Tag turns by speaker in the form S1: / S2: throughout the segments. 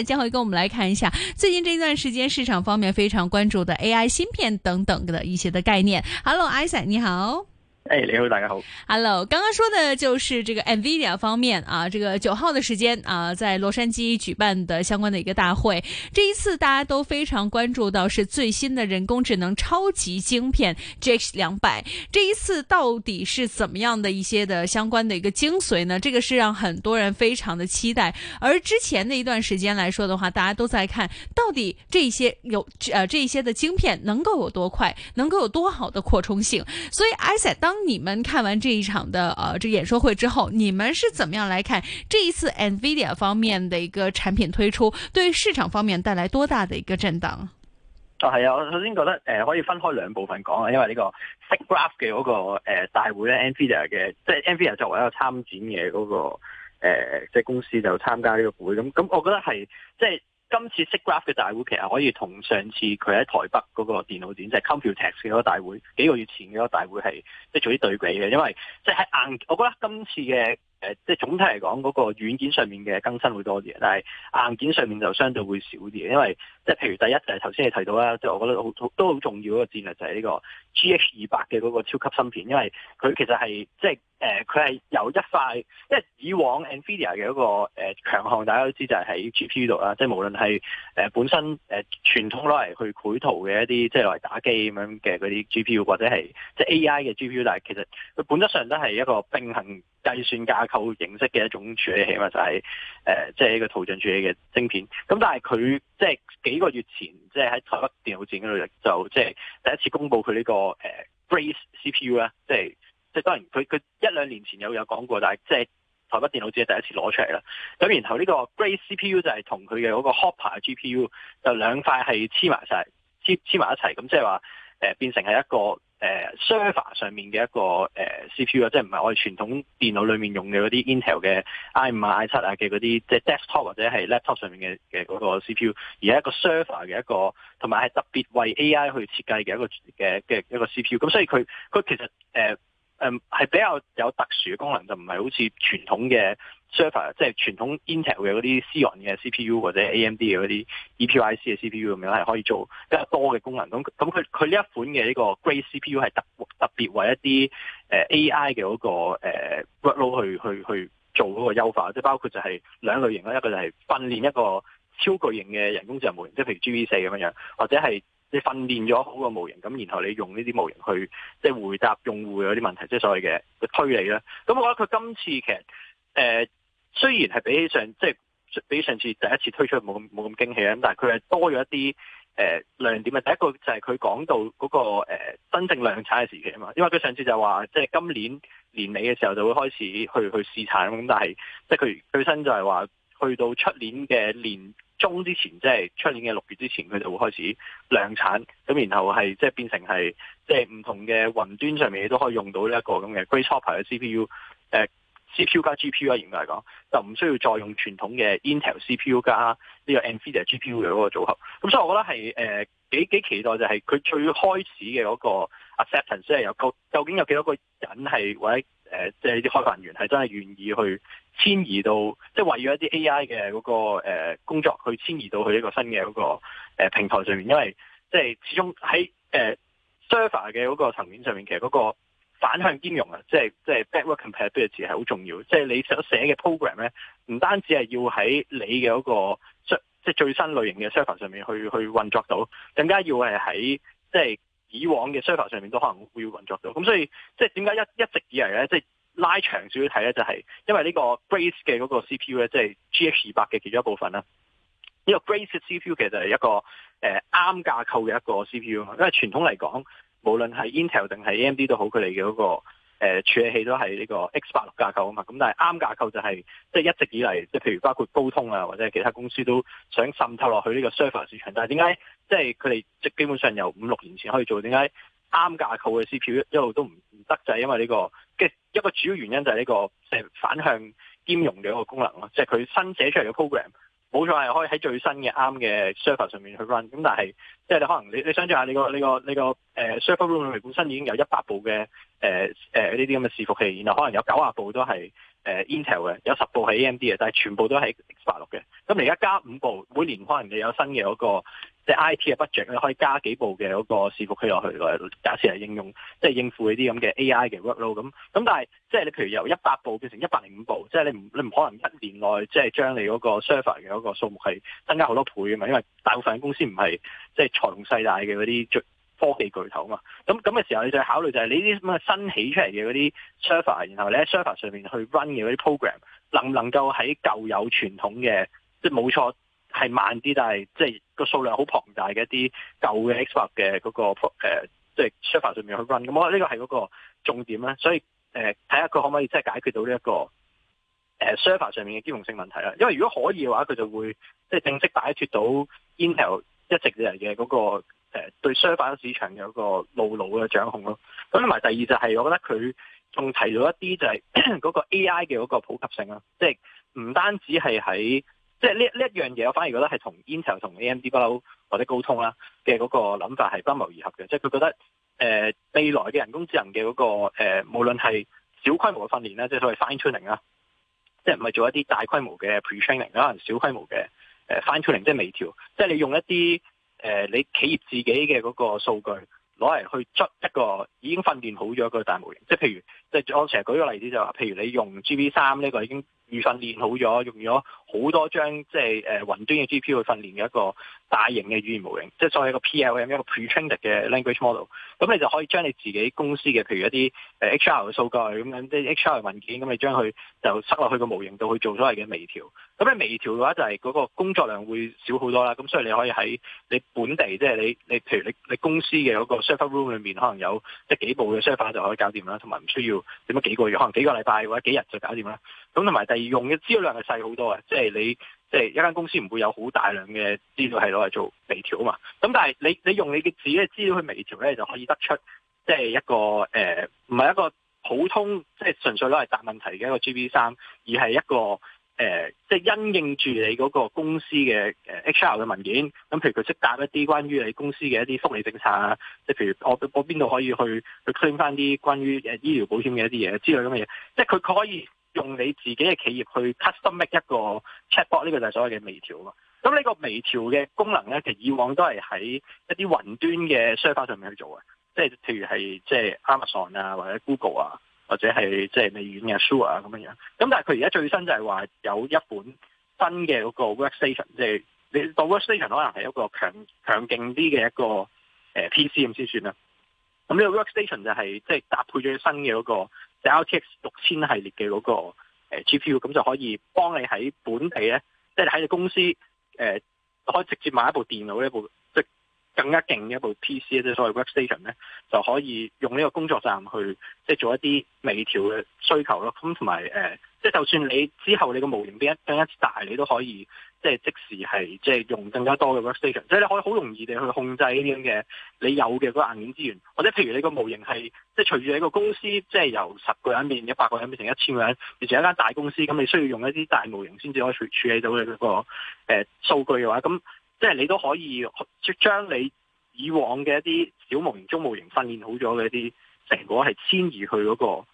S1: 將會跟我們來看一下最近這一段時間市場方面非常關注的 AI 芯片等等的一些的概念。Hello，艾賽，你好。
S2: 哎，hey, 你好，大家
S1: 好，Hello。剛剛說的就是這個 Nvidia 方面啊，這個九號的時間啊，在洛杉磯舉辦的相關的一個大會。這一次大家都非常關注到是最新的人工智能超級晶片 JX 兩百。這一次到底是怎麼樣的一些的相關的一個精髓呢？這個是讓很多人非常的期待。而之前的一段時間來說的話，大家都在看到底這些有呃這一些的晶片能夠有多快，能夠有多好的擴充性。所以 I said 曾當當你們看完這一場的，呃，這演說會之後，你們是怎麼樣來看這一次 NVIDIA 方面的一個產品推出，對於市場方面帶來多大的一個震盪？
S2: 啊，係啊，我首先覺得，誒，可以分開兩部分講啊，因為呢個 SIGGRAPH 嘅嗰個，誒，大會咧，NVIDIA 嘅，即係 NVIDIA 作為一個參展嘅嗰個，誒，即係公司就參加呢個會，咁，咁我覺得係，即係。今次 SIGGRAPH 嘅大會其實可以同上次佢喺台北嗰個電腦展，即係、就是、Computex 嗰個大會，幾個月前嗰個大會，係即係做啲對比嘅，因為即係硬，我覺得今次嘅，誒，即係總體嚟講嗰個軟件上面嘅更新會多啲，但係硬件上面就相對會少啲，因為即係譬如第一就係頭先你提到啦，即、就、係、是、我覺得好都好重要嘅一個戰略就係呢個 GH 200嘅嗰個超級芯片，因為佢其實係即係。就是誒佢係由一塊，即係以往 NVIDIA 嘅一個誒、呃、強項，大家都知道就係喺 GPU 度啦。即係無論係誒、呃、本身誒、呃、傳統攞嚟去繪圖嘅一啲，即係攞嚟打機咁樣嘅嗰啲 GPU，或者係即係 AI 嘅 GPU，但係其實佢本質上都係一個並行計算架構形式嘅一種處理器嘛，就係、是、誒、呃、即係一個圖像處理嘅晶片。咁但係佢即係幾個月前，即係喺台北電腦展嗰度就即係第一次公布佢呢、這個誒 Grace、呃、CPU 啦、啊。即係。即係當然，佢佢一兩年前有有講過，但係即係台北電腦只係第一次攞出嚟啦。咁然後呢個 Grace C P U 就係同佢嘅嗰個 Hopper 嘅 G P U 就兩塊係黐埋晒黐黐埋一齊，咁即係話誒變成係一個誒 server、呃、上面嘅一個 C P U 啊，呃、CPU，即係唔係我哋傳統電腦裏面用嘅嗰啲 Intel 嘅 i 五啊 i 七啊嘅嗰啲即係、就是、desktop 或者係 laptop 上面嘅嘅嗰個 C P U，而係一個 server 嘅一個，同埋係特別為 A I 去設計嘅一個嘅嘅一個 C P U。咁所以佢佢其實、呃有特殊嘅功能就唔係好似傳統嘅 server，即係傳統 Intel 嘅嗰啲 Xeon 嘅 CPU 或者 AMD 嘅嗰啲 EPYC 嘅 CPU 咁樣係可以做比較多嘅功能。咁咁佢佢呢一款嘅呢個 Grace CPU 係特特別為一啲誒、呃、AI 嘅嗰、那個、呃、workload 去去去做嗰個優化，即係包括就係兩類型咯，一個就係訓練一個超巨型嘅人工智能模型，即係譬如 GV 四咁樣，或者係。你訓練咗好個模型，咁然後你用呢啲模型去即係回答用戶嗰啲問題，即係所謂嘅嘅推理啦。咁我覺得佢今次其實誒雖然係比起上即係比上次第一次推出冇冇咁驚喜啊，咁但係佢係多咗一啲誒亮點啊。第一個就係佢講到嗰個誒真正量產嘅時期啊嘛，因為佢上次就話即係今年年尾嘅時候就會開始去去試產咁，但係即係佢本身就係話去到出年嘅年。中之前即係出年嘅六月之前，佢就會開始量產咁，然後係即係變成係即係唔同嘅雲端上面亦都可以用到呢一個咁嘅 Grace Hopper 嘅 C P U，誒 C P U 加 G P U 啊，嚴格嚟講就唔需要再用傳統嘅 Intel C P U 加呢個 NVIDIA G P U 嗰個組合。咁所以我覺得係誒、呃、幾幾期待就係佢最開始嘅嗰個 acceptance，即係有究究竟有幾多個人係或者。誒，即係啲開發人員係真係願意去遷移到，即係為咗一啲 AI 嘅嗰個誒工作去遷移到去一個新嘅嗰個誒平台上面，因為即係始終喺誒 server 嘅嗰個層面上面，其實嗰個反向兼容啊，即係即係 backward compatibility 係好重要，即係你想寫嘅 program 咧，唔單止係要喺你嘅嗰個即係最新類型嘅 server 上面去去運作到，更加要係喺即係。就是以往嘅 server 上面都可能會要運作到，咁所以即係點解一一直以嚟咧，即係拉長少少睇咧，就係因為呢個 Grace 嘅嗰個 CPU 咧，即係 GH 二百嘅其中一部分啦。呢個 Grace 嘅 CPU 其實係一個誒啱架構嘅一個 CPU 嘛，因為傳統嚟講，無論係 Intel 定係 AMD 都好，佢哋嘅嗰個誒處理器都係呢個 X 八六架構啊嘛。咁但係啱架構就係即係一直以嚟，即係譬如包括高通啊或者係其他公司都想滲透落去呢個 server 市場，但係點解？即係佢哋即基本上由五六年前可以做，點解啱架構嘅 CPU 一路都唔唔得？就係、是、因為呢、呢個一個主要原因就係呢個反向兼容嘅一個功能咯，即係佢新寫出嚟嘅 program 冇錯係可以喺最新嘅啱嘅 server 上面去 run，咁但係即係你可能你你想像下你個你個你個、呃、server room 本身已經有一百部嘅。誒誒呢啲咁嘅伺服器，然後可能有九十部都係誒、呃、Intel 嘅，有十部係 AMD 嘅，但係全部都係 X 八六嘅。咁你而家加五部，每年可能你有新嘅嗰、那個即係、就是、IT 嘅 budget 你可以加幾部嘅嗰個伺服器落去嘅，假設係應用即係、就是、應付呢啲咁嘅 AI 嘅 workload。咁咁但係即係你譬如由一百部變成一百零五部，即、就、係、是、你唔你唔可能一年內即係將你嗰個 server 嘅嗰個數目係增加好多倍啊嘛，因為大部分公司唔係即係長勢大嘅嗰啲科技巨頭嘛，咁咁嘅時候，你就考慮就係呢啲新起出嚟嘅嗰啲 server，然後你喺 server 上面去 run 嘅嗰啲 program，能唔能夠喺舊有傳統嘅，即係冇錯係慢啲，但係即係個數量好龐大嘅一啲舊嘅 x 八嘅嗰個即 server、呃就是、上面去 run，咁我覺得呢個係嗰個重點啦。所以誒，睇下佢可唔可以即係解決到呢、這、一個 server、呃、上面嘅兼容性問題啦。因為如果可以嘅話，佢就會即、就是、正式擺脫到 Intel 一直嚟嘅嗰個。誒對，相反市場有一個牢牢嘅掌控咯。咁同埋第二就係，我覺得佢仲提到一啲就係嗰個 AI 嘅嗰個普及性啦、啊。即係唔單止係喺即係呢呢一樣嘢，我反而覺得係同 Intel 同 AMD 不嬲或者高通啦嘅嗰個諗法係不謀而合嘅。即係佢覺得誒、呃、未來嘅人工智能嘅嗰、那個誒、呃，無論係小規模嘅訓練啦即係所謂 fine tuning 啦，即係唔係做一啲大規模嘅 pre training，可能小規模嘅 fine tuning，即係微調，即、就、係、是、你用一啲。誒、呃，你企業自己嘅嗰個數據攞嚟去出一個已經訓練好咗個大模型，即係譬如，即係我成日舉個例子就話譬如你用 GPT 三呢個已經。預訓練好咗，用咗好多張即係誒雲端嘅 G P U 去訓練嘅一個大型嘅語言模型，即係所謂一個 P L M 一個 pre-trained 嘅 language model。咁你就可以將你自己公司嘅，譬如一啲、呃、H R 嘅數據咁樣，即係 H R 文件咁，你將佢就塞落去個模型度去做所謂嘅微調。咁你微調嘅話，就係嗰個工作量會少好多啦。咁所以你可以喺你本地，即係你你譬如你你公司嘅嗰個 server room 裏面，可能有即係幾部嘅 server 就可以搞掂啦，同埋唔需要點樣幾個月，可能幾個禮拜或者幾日就搞掂啦。咁同埋第二用嘅資料量係細好多嘅，即係你即係一間公司唔會有好大量嘅資料係攞嚟做微調啊嘛。咁但係你你用你嘅自己嘅資料去微調咧，就可以得出即係一個誒，唔係一個普通即係純粹攞嚟答問題嘅一個 G B 三，而係一個誒，即係因應住你嗰個公司嘅誒 H R 嘅文件。咁譬如佢識答一啲關於你公司嘅一啲福利政策啊，即係譬如我我邊度可以去去 claim 翻啲關於誒醫療保險嘅一啲嘢之類咁嘅嘢，即係佢佢可以。用你自己嘅企業去 custom make 一個 chatbot 呢個就係所謂嘅微調啊。咁呢個微調嘅功能咧，其實以往都係喺一啲雲端嘅 server 上面去做嘅，即係譬如係即係 Amazon 啊，或者 Google 啊，或者係即係微軟嘅 Azure 啊咁樣樣。咁但係佢而家最新就係話有一本新嘅嗰個 workstation，即係你個 workstation 可能係一個強強勁啲嘅一個 PC 咁先算啦。咁呢個 workstation 就係、是、即係搭配咗新嘅嗰、那個。RTX 六千系列嘅嗰個 GPU，咁就可以幫你喺本地咧，即係喺你公司誒、呃、可以直接買一部電腦嘅部。更加勁嘅一部 PC，即係所謂 workstation 咧，就可以用呢個工作站去即係做一啲微調嘅需求咯。咁同埋誒，即係就算你之後你個模型變一變一次大，你都可以即係即時係即係用更加多嘅 workstation，即係你可以好容易地去控制呢啲咁嘅你有嘅嗰硬件資源。或者譬如你個模型係即係隨住你個公司即係、就是、由十個人變一百個人變成一千個人，變成一間大公司咁，咁你需要用一啲大模型先至可以處處理到你嗰、那個誒、呃、數據嘅話咁。那即係你都可以將你以往嘅一啲小模型、中模型訓練好咗嘅一啲成果係遷移去嗰個誒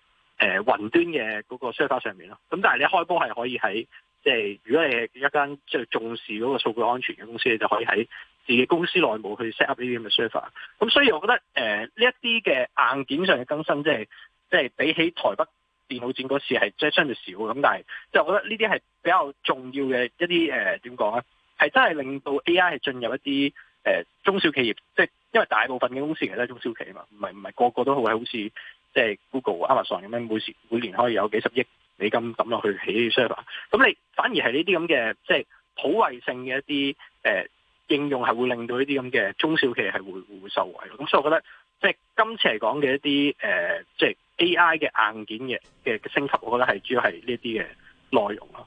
S2: 雲端嘅嗰個 server 上面咯。咁但係你開波係可以喺即係，如果你係一間即係重視嗰個數據安全嘅公司，你就可以喺自己公司內部去 set up 呢啲咁嘅 server。咁所以我覺得誒呢一啲嘅硬件上嘅更新，即係即係比起台北電腦展嗰次係相對少咁，但係即係我覺得呢啲係比較重要嘅一啲誒點講咧？呃怎係真係令到 AI 係進入一啲、呃、中小企業，即係因為大部分嘅公司其實都係中小企啊嘛，唔係唔係個個都好係好似即係 Google、Amazon 咁樣，每每年可以有幾十億美金抌落去起 server。咁你反而係呢啲咁嘅即係普惠性嘅一啲誒、呃、應用，係會令到呢啲咁嘅中小企係會會受惠咯。咁所以，我覺得即係今次嚟講嘅一啲誒，即係 AI 嘅硬件嘅嘅升級，我覺得係主要係呢啲嘅內容咯。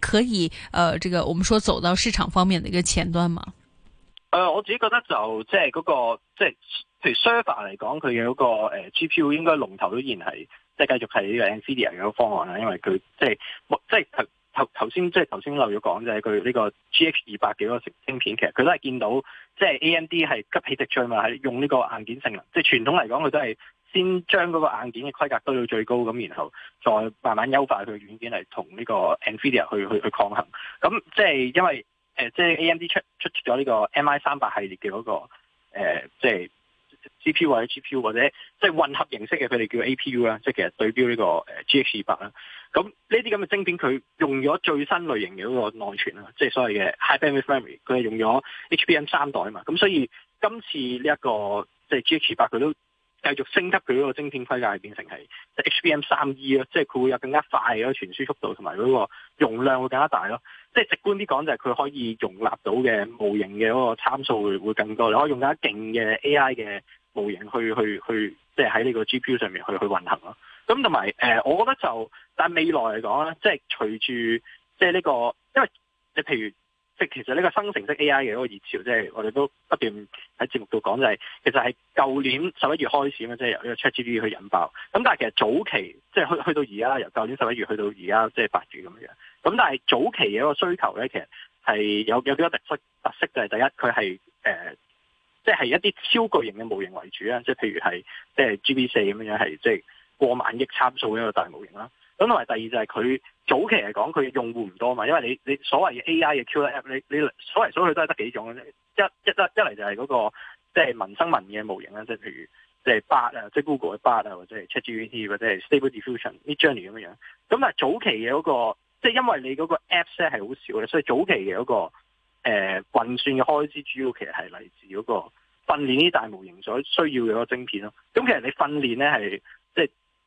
S1: 可以，呃，這個我們說走到市場方面的一個前端嗎？
S2: 誒、呃，我自己覺得就即係嗰、那個，即係譬如 server 嚟講，佢嘅嗰個誒、呃、GPU 應該龍頭都依然係即係繼續係呢個 Nvidia 嘅個方案啦，因為佢即係即係頭頭先即係頭先漏咗講就係佢呢個 G H 二百嘅嗰個晶片，其實佢都係見到即係、就是、A M D 係急起直追嘛，係用呢個硬件性能，即係傳統嚟講佢都係先將嗰個硬件嘅規格堆到最高咁，然後再慢慢優化佢軟件嚟同呢個 Nvidia 去去去抗衡。咁即係因為誒、呃、即係 A M D 出出咗呢個 M I 三百系列嘅嗰、那個、呃、即係 G P U 或者 G P U 或者即係混合形式嘅佢哋叫 A P U 啦，即係其實對標呢個誒 G H 二百啦。咁呢啲咁嘅晶片，佢用咗最新類型嘅嗰個內存啊，即係所謂嘅 High Bandwidth Memory，佢係用咗 HBM 三代啊嘛。咁所以今次呢一個即係 G H 八，佢都繼續升級佢嗰個晶片規格，係變成係 HBM 三 E 咯、啊，即係佢會有更加快嘅傳輸速度同埋嗰個容量會更加大咯、啊。即係直觀啲講就係佢可以容納到嘅模型嘅嗰個參數會會更多，你可以用更加勁嘅 A I 嘅模型去去去，即係喺呢個 G P U 上面去去運行咯、啊。咁同埋，誒、呃，我覺得就但係未來嚟講咧，即係隨住即係、這、呢個，因為你譬如即係其實呢個生成式 A. I. 嘅嗰個熱潮，即係我哋都不斷喺節目度講、就是，就係其實係舊年十一月開始即係由呢個 ChatGPT 去引爆。咁但係其實早期即係去去到而家，由舊年十一月去到而家，即係八月咁樣。咁但係早期嘅一個需求咧，其實係有有幾多特色？特色，就係第一，佢係誒，即係一啲超巨型嘅模型為主啊，即係譬如係即係 G. B. 四咁樣，係即係。過萬億參數一個大模型啦，咁同埋第二就係佢早期嚟講佢嘅用戶唔多嘛，因為你你所謂嘅 AI 嘅 Q&A a app，你你所嚟所去都係得幾種，一一一嚟就係嗰、那個即係、就是、民生民嘅模型啦，即係譬如即係 Bard 啊，即係 Google 嘅 Bard 啊，或者係 ChatGPT 或者係 Stable Diffusion Midjourney 咁樣樣，咁但係早期嘅嗰、那個即係、就是、因為你嗰個 app 咧係好少嘅，所以早期嘅嗰、那個誒、呃、運算嘅開支主要其實係嚟自嗰個訓練呢啲大模型所需要嘅嗰晶片咯，咁其實你訓練咧係。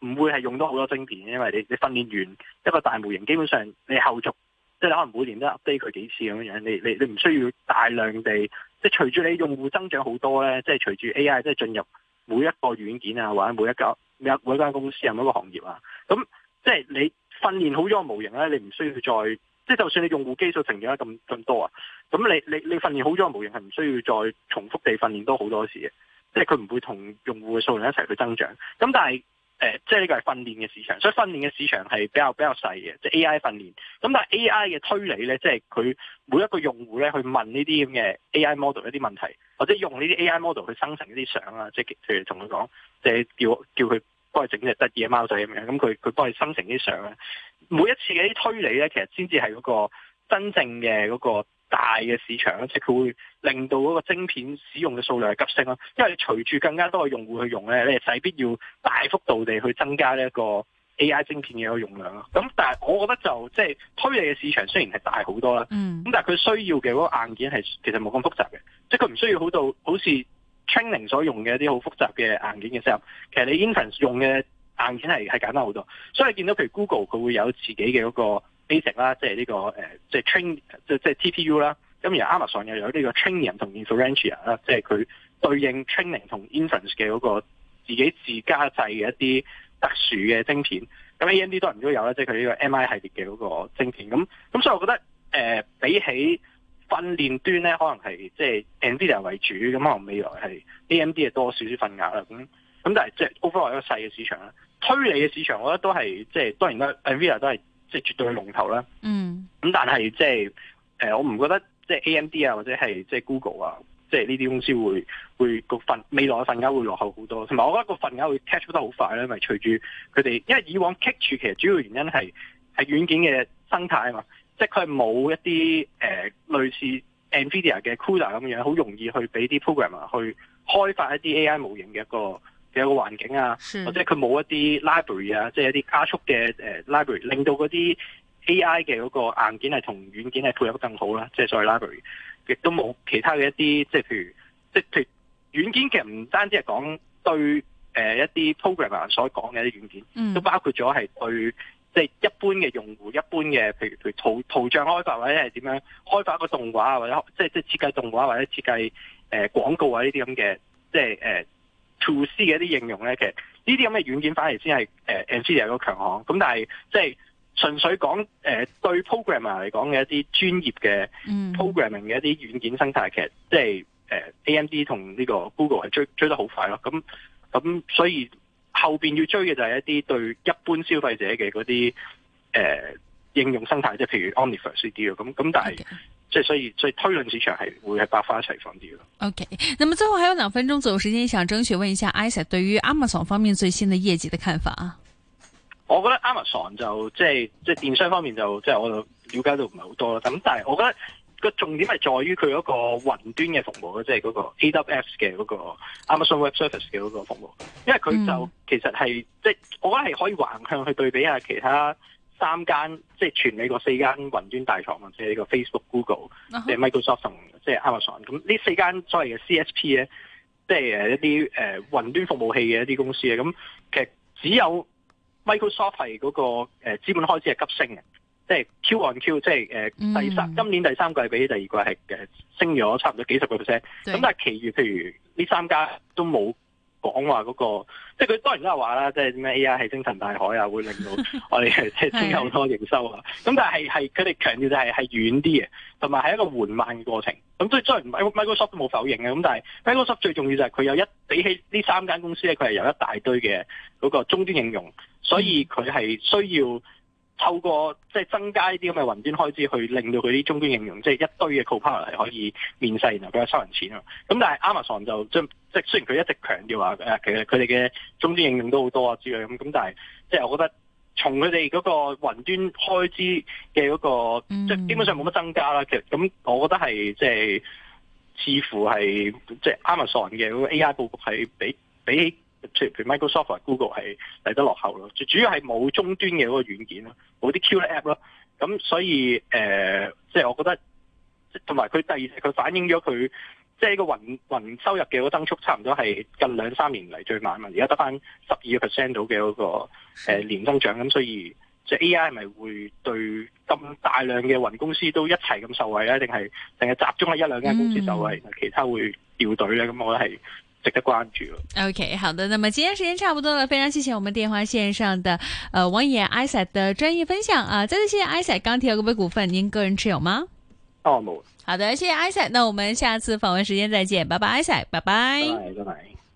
S2: 唔會係用多好多晶片，因為你你訓練完一個大模型，基本上你後續即係可能每年都 update 佢幾次咁樣樣，你你你唔需要大量地即係隨住你用戶增長好多咧，即係隨住 AI 即係進入每一個軟件啊，或者每一個每一間公司，每一個行業啊，咁即係你訓練好咗個模型咧，你唔需要再即係就算你用戶基數成長得咁咁多啊，咁你你你訓練好咗個模型係唔需要再重複地訓練多好多次嘅，即係佢唔會同用戶嘅數量一齊去增長，咁但係。誒、呃，即係呢個係訓練嘅市場，所以訓練嘅市場係比較比較細嘅，就是，即係 A I 訓練。咁但係 A I 嘅推理咧，即係佢每一個用戶咧去問呢啲咁嘅 A I model 一啲問題，或者用呢啲 A I model 去生成一啲相啊，即係譬如同佢講，即係叫叫佢幫佢整隻得意嘅貓仔咁樣，咁佢佢幫佢生成啲相咧，每一次嘅啲推理咧，其實先至係嗰個真正嘅嗰，嗰個。大嘅市場啦，即係佢會令到嗰個晶片使用嘅數量係急升啦，因為隨住更加多嘅用戶去用咧，你係勢必要大幅度地去增加呢一個 AI 晶片嘅個用量啦。咁但係我覺得就即係推理嘅市場雖然係大好多啦，咁、嗯、但係佢需要嘅嗰個硬件係其實冇咁複雜嘅，即係佢唔需要到好到好似 training 所用嘅一啲好複雜嘅硬件嘅時候，其實你 inference 用嘅硬件係係簡單好多，所以你見到譬如 Google 佢會有自己嘅嗰、那個。ASIC 啦，即係呢個即係 train，即係即係 T P U 啦。咁而 Amazon 又有呢個 Trainium 同 Inferentia 啦，即係佢對應 training 同 inference 嘅嗰個自己自家製嘅一啲特殊嘅晶片。咁 A M D 當然都有啦，即係佢呢個 M I 系列嘅嗰個晶片。咁咁，所以我覺得誒、呃，比起訓練端咧，可能係即係 Nvidia 為主。咁可能未來係 A M D 係多少少份額啦。咁咁，但係即係 overall 一個細嘅市場啦。推理嘅市場，我覺得都係即係當然啦，Nvidia 都係。即係絕對係龍頭啦。嗯。咁但係即係誒，我唔覺得即係 AMD 啊，或者係即係 Google 啊，即係呢啲公司會會個份未來嘅份額會落後好多。同埋我覺得個份額會 catch up 得好快啦，因為隨住佢哋，因為以往 catch 其實主要原因係係軟件嘅生態啊嘛，即係佢係冇一啲誒、呃、類似 NVIDIA 嘅 CUDA 咁樣，好容易去俾啲 programmer 去開發一啲 AI 模型嘅一個。有個環境啊，是或者佢冇一啲 library 啊，即係一啲加速嘅誒 library，令到嗰啲 AI 嘅嗰個硬件係同軟件係配合得更好啦。即係所謂 library，亦都冇其他嘅一啲，即係譬如即係軟件其實唔單止係講對誒一啲 programmer 所講嘅一啲軟件，嗯、都包括咗係對即係一般嘅用戶，一般嘅譬如譬如圖圖像開發或者係點樣開發個動畫，或者即係即係設計動畫或者設計誒廣告啊呢啲咁嘅，即調嘅一啲應用咧，其實呢啲咁嘅軟件反而先係誒 NVIDIA 個強項。咁但係即係純粹講誒對 programmer 嚟講嘅一啲專業嘅 programming 嘅一啲軟件生態，嗯、其實即係 AMD 同呢個 Google 係追追得好快咯。咁咁所以後面要追嘅就係一啲對一般消費者嘅嗰啲誒應用生態，即係譬如 Omniverse 啲啊咁咁，但係，Okay. 即係所以，所以推論市場係會係百花齊放啲咯。
S1: OK，那麼最後還有兩分鐘左右時間，想爭取問一下 Isaac 對於 Amazon 方面最新的業績的看法
S2: 啊。我覺得 Amazon 就即係即係電商方面就即係我就了解到唔係好多咯。咁但係我覺得個重點係在於佢嗰個雲端嘅服務咯，即係嗰個 AWS 嘅嗰個 Amazon Web Service 嘅嗰個服務，因為佢就其實係、嗯、即係我覺得係可以橫向去對比下其他。三間即係全美國四間雲端大廠啊，即係呢個 Facebook、uh、Google、huh.、即係 Microsoft 同即係 Amazon。咁呢四間所謂嘅 CSP 咧，即係一啲誒雲端服務器嘅一啲公司咁，其實只有 Microsoft 係嗰個資本開支係急升嘅，即、就、係、是、Q on Q，即係第三、mm hmm. 今年第三季比第二季係升咗差唔多幾十個 percent。咁但係其餘譬如呢三家都冇。講話嗰、那個，即係佢當然都係話啦，即係咩 AI 係星辰大海啊，會令到我哋係即係有好多營收啊。咁但係係佢哋強調就係係遠啲嘅，同埋係一個緩慢嘅過程。咁所以雖然 Microsoft 都冇否認嘅，咁但係 Microsoft 最重要就係佢有一比起呢三間公司咧，佢係有一大堆嘅嗰個終端應用，所以佢係需要。透過即係增加啲咁嘅雲端開支，去令到佢啲終端應用即係、就是、一堆嘅 copilot 可以面世，然後佢又收人錢。咁但係 Amazon 就即係雖然佢一直強調話其實佢哋嘅終端應用都好多啊之類咁，咁但係即係我覺得從佢哋嗰個雲端開支嘅嗰、那個即係、嗯、基本上冇乜增加啦。其實咁，我覺得係即係似乎係即係 Amazon 嘅 A I 佈局係比比起。Microsoft、Google 係嚟得落後咯，最主要係冇終端嘅嗰個軟件咯，冇啲 killer app 咯，咁所以誒，即、呃、係、就是、我覺得，同埋佢第二，佢反映咗佢即係個雲雲收入嘅嗰增速，差唔多係近兩三年嚟最慢啊嘛，而家得翻十二個 percent 到嘅嗰個、呃、年增長，咁所以即係 AI 係咪會對咁大量嘅雲公司都一齊咁受惠咧？定係定係集中喺一兩間公司受惠，嗯、其他會掉隊咧？咁我覺得係。
S1: 值得關注。OK，好的，那麼今天時間差不多了，非常謝謝我們電話線上的，呃，王逸研 i s e 的專業分享啊，再次謝謝 ISET 剛提到嘅股份，您個人持有嗎？Almost. 好的，謝謝 i s e，那我們下次訪問時間再見，拜拜，ISET，拜拜。Bye bye, bye bye.